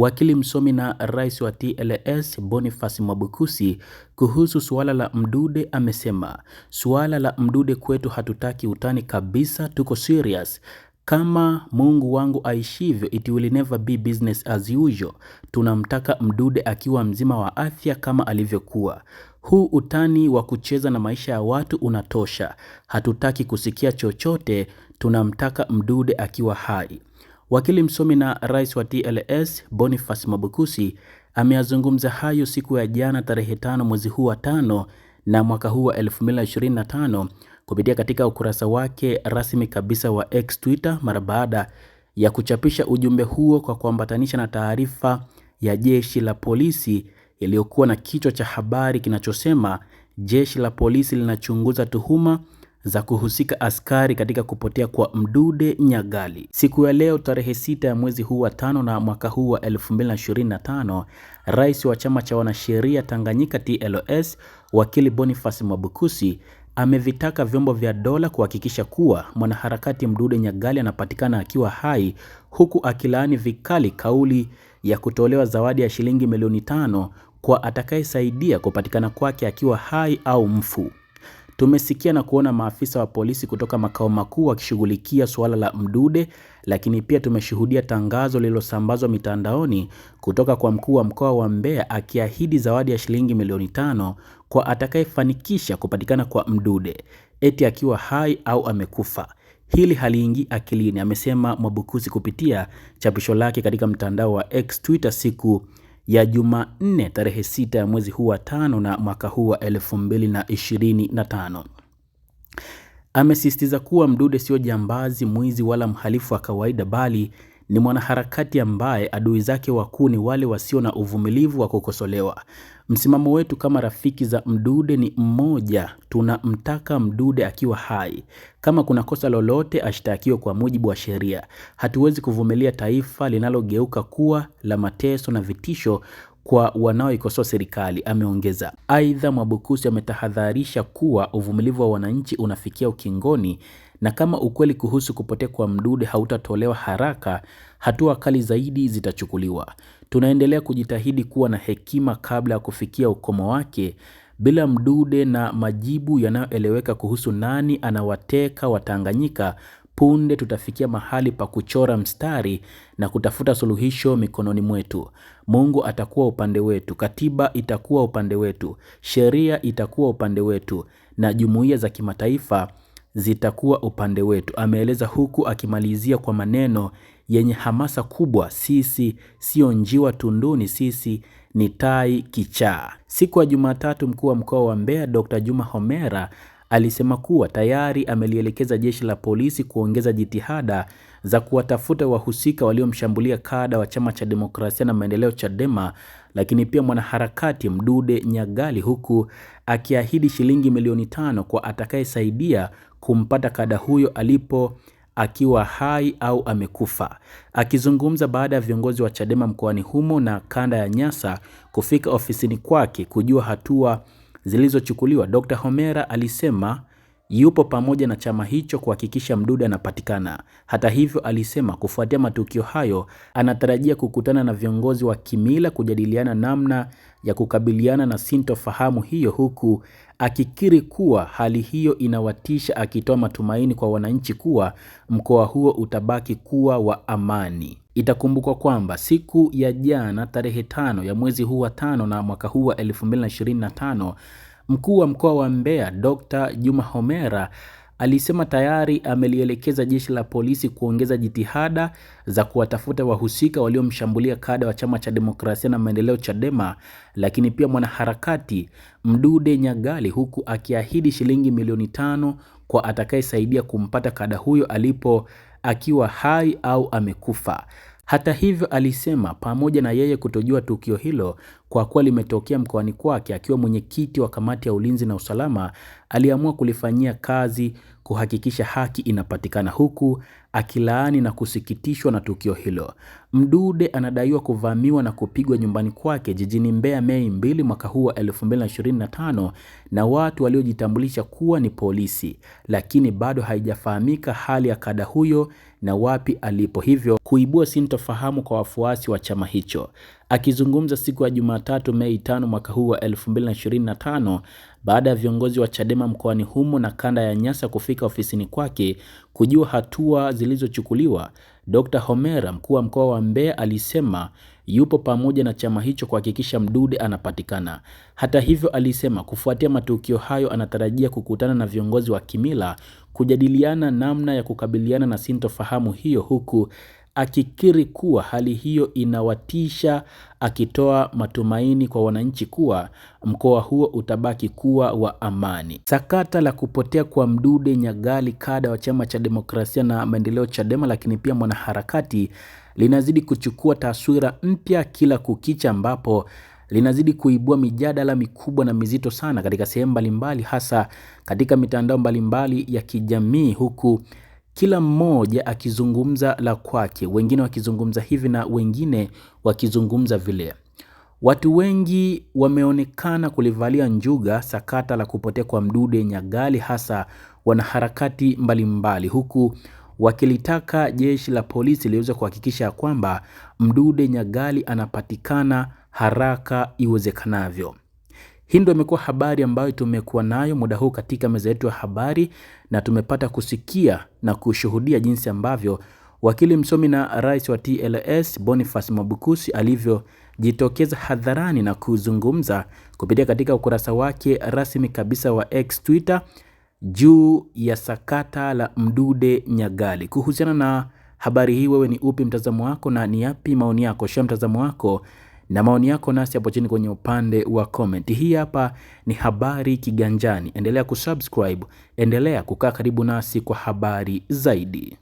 wakili msomi na rais wa TLS Boniface Mwabukusi kuhusu suala la Mdude amesema suala la Mdude kwetu hatutaki utani kabisa, tuko serious kama Mungu wangu aishivyo, it will never be business as usual. Tunamtaka Mdude akiwa mzima wa afya kama alivyokuwa. Huu utani wa kucheza na maisha ya watu unatosha. Hatutaki kusikia chochote, tunamtaka Mdude akiwa hai. Wakili msomi na rais wa TLS Boniface Mwabukusi ameyazungumza hayo siku ya jana tarehe tano mwezi huu wa tano na mwaka huu wa 2025 kupitia katika ukurasa wake rasmi kabisa wa X Twitter mara baada ya kuchapisha ujumbe huo kwa kuambatanisha na taarifa ya jeshi la polisi iliyokuwa na kichwa cha habari kinachosema jeshi la polisi linachunguza tuhuma za kuhusika askari katika kupotea kwa Mdude Nyagali. Siku ya leo tarehe sita ya mwezi huu wa tano na mwaka huu wa 2025, rais wa chama cha wanasheria Tanganyika TLS wakili Boniface Mwabukusi amevitaka vyombo vya dola kuhakikisha kuwa mwanaharakati Mdude Nyagali anapatikana akiwa hai huku akilaani vikali kauli ya kutolewa zawadi ya shilingi milioni tano kwa atakayesaidia kupatikana kwake akiwa hai au mfu. Tumesikia na kuona maafisa wa polisi kutoka makao makuu wakishughulikia suala la Mdude, lakini pia tumeshuhudia tangazo lililosambazwa mitandaoni kutoka kwa mkuu wa mkoa wa Mbeya akiahidi zawadi ya shilingi milioni tano kwa atakayefanikisha kupatikana kwa Mdude, eti akiwa hai au amekufa. Hili haliingi akilini, amesema Mwabukusi kupitia chapisho lake katika mtandao wa X Twitter siku ya Jumanne tarehe sita ya mwezi huu wa tano na mwaka huu wa tano. Amesisitiza kuwa Mdude sio jambazi, mwizi wala mhalifu wa kawaida, bali ni mwanaharakati ambaye adui zake wakuu ni wale wasio na uvumilivu wa kukosolewa. Msimamo wetu kama rafiki za Mdude ni mmoja, tunamtaka Mdude akiwa hai. Kama kuna kosa lolote, ashtakiwe kwa mujibu wa sheria. Hatuwezi kuvumilia taifa linalogeuka kuwa la mateso na vitisho kwa wanaoikosoa serikali, ameongeza. Aidha, Mwabukusi ametahadharisha kuwa uvumilivu wa wananchi unafikia ukingoni na kama ukweli kuhusu kupotea kwa Mdude hautatolewa haraka, hatua kali zaidi zitachukuliwa. Tunaendelea kujitahidi kuwa na hekima kabla ya kufikia ukomo wake. Bila Mdude na majibu yanayoeleweka kuhusu nani anawateka Watanganyika, punde tutafikia mahali pa kuchora mstari na kutafuta suluhisho mikononi mwetu. Mungu atakuwa upande wetu, katiba itakuwa upande wetu, sheria itakuwa upande wetu, na jumuiya za kimataifa zitakuwa upande wetu, ameeleza huku akimalizia kwa maneno yenye hamasa kubwa: sisi sio njiwa tunduni, sisi ni tai kichaa. Siku ya Jumatatu, mkuu wa mkoa wa Mbeya Dr. Juma Homera alisema kuwa tayari amelielekeza jeshi la polisi kuongeza jitihada za kuwatafuta wahusika waliomshambulia kada wa chama cha demokrasia na maendeleo Chadema, lakini pia mwanaharakati Mdude Nyagali, huku akiahidi shilingi milioni tano kwa atakayesaidia kumpata kada huyo alipo akiwa hai au amekufa. Akizungumza baada ya viongozi wa Chadema mkoani humo na kanda ya Nyasa kufika ofisini kwake kujua hatua zilizochukuliwa, Dr. Homera alisema yupo pamoja na chama hicho kuhakikisha Mdude anapatikana. Hata hivyo, alisema kufuatia matukio hayo anatarajia kukutana na viongozi wa kimila kujadiliana namna ya kukabiliana na sintofahamu hiyo, huku akikiri kuwa hali hiyo inawatisha, akitoa matumaini kwa wananchi kuwa mkoa huo utabaki kuwa wa amani. Itakumbukwa kwamba siku ya jana tarehe tano ya mwezi huu wa tano na mwaka huu wa 2025 mkuu wa mkoa wa Mbeya Dr. Juma Homera alisema tayari amelielekeza jeshi la polisi kuongeza jitihada za kuwatafuta wahusika waliomshambulia kada wa chama cha demokrasia na maendeleo Chadema, lakini pia mwanaharakati Mdude Nyagali, huku akiahidi shilingi milioni tano kwa atakayesaidia kumpata kada huyo alipo akiwa hai au amekufa. Hata hivyo, alisema pamoja na yeye kutojua tukio hilo kwa kuwa limetokea mkoani kwake, akiwa mwenyekiti wa kamati ya ulinzi na usalama, aliamua kulifanyia kazi kuhakikisha haki inapatikana huku akilaani na kusikitishwa na tukio hilo. Mdude anadaiwa kuvamiwa na kupigwa nyumbani kwake jijini Mbeya Mei 2 mwaka huu wa 2025 na watu waliojitambulisha kuwa ni polisi, lakini bado haijafahamika hali ya kada huyo na wapi alipo, hivyo kuibua sintofahamu kwa wafuasi wa chama hicho. Akizungumza siku ya Jumatatu Mei 5 mwaka huu wa 2025 baada ya viongozi wa Chadema mkoani humo na kanda ya Nyasa kufika ofisini kwake kujua hatua zilizochukuliwa. Dr. Homera, mkuu wa mkoa wa Mbeya, alisema yupo pamoja na chama hicho kuhakikisha Mdude anapatikana. Hata hivyo, alisema kufuatia matukio hayo anatarajia kukutana na viongozi wa kimila kujadiliana namna ya kukabiliana na sintofahamu hiyo huku akikiri kuwa hali hiyo inawatisha, akitoa matumaini kwa wananchi kuwa mkoa huo utabaki kuwa wa amani. Sakata la kupotea kwa Mdude Nyagali, kada wa chama cha demokrasia na maendeleo Chadema, lakini pia mwanaharakati, linazidi kuchukua taswira mpya kila kukicha, ambapo linazidi kuibua mijadala mikubwa na mizito sana katika sehemu mbalimbali, hasa katika mitandao mbalimbali ya kijamii huku kila mmoja akizungumza la kwake, wengine wakizungumza hivi na wengine wakizungumza vile. Watu wengi wameonekana kulivalia njuga sakata la kupotea kwa Mdude Nyagali, hasa wanaharakati mbalimbali mbali, huku wakilitaka jeshi la polisi liweze kuhakikisha kwamba Mdude Nyagali anapatikana haraka iwezekanavyo. Hii ndio imekuwa habari ambayo tumekuwa nayo muda huu katika meza yetu ya habari, na tumepata kusikia na kushuhudia jinsi ambavyo wakili msomi na rais wa TLS Boniface Mwabukusi alivyojitokeza hadharani na kuzungumza kupitia katika ukurasa wake rasmi kabisa wa X Twitter juu ya sakata la Mdude Nyagali. Kuhusiana na habari hii, wewe ni upi mtazamo wako na ni yapi maoni yako? Shia mtazamo wako na maoni yako nasi hapo chini kwenye upande wa comment. Hii hapa ni Habari Kiganjani. Endelea kusubscribe, endelea kukaa karibu nasi kwa habari zaidi.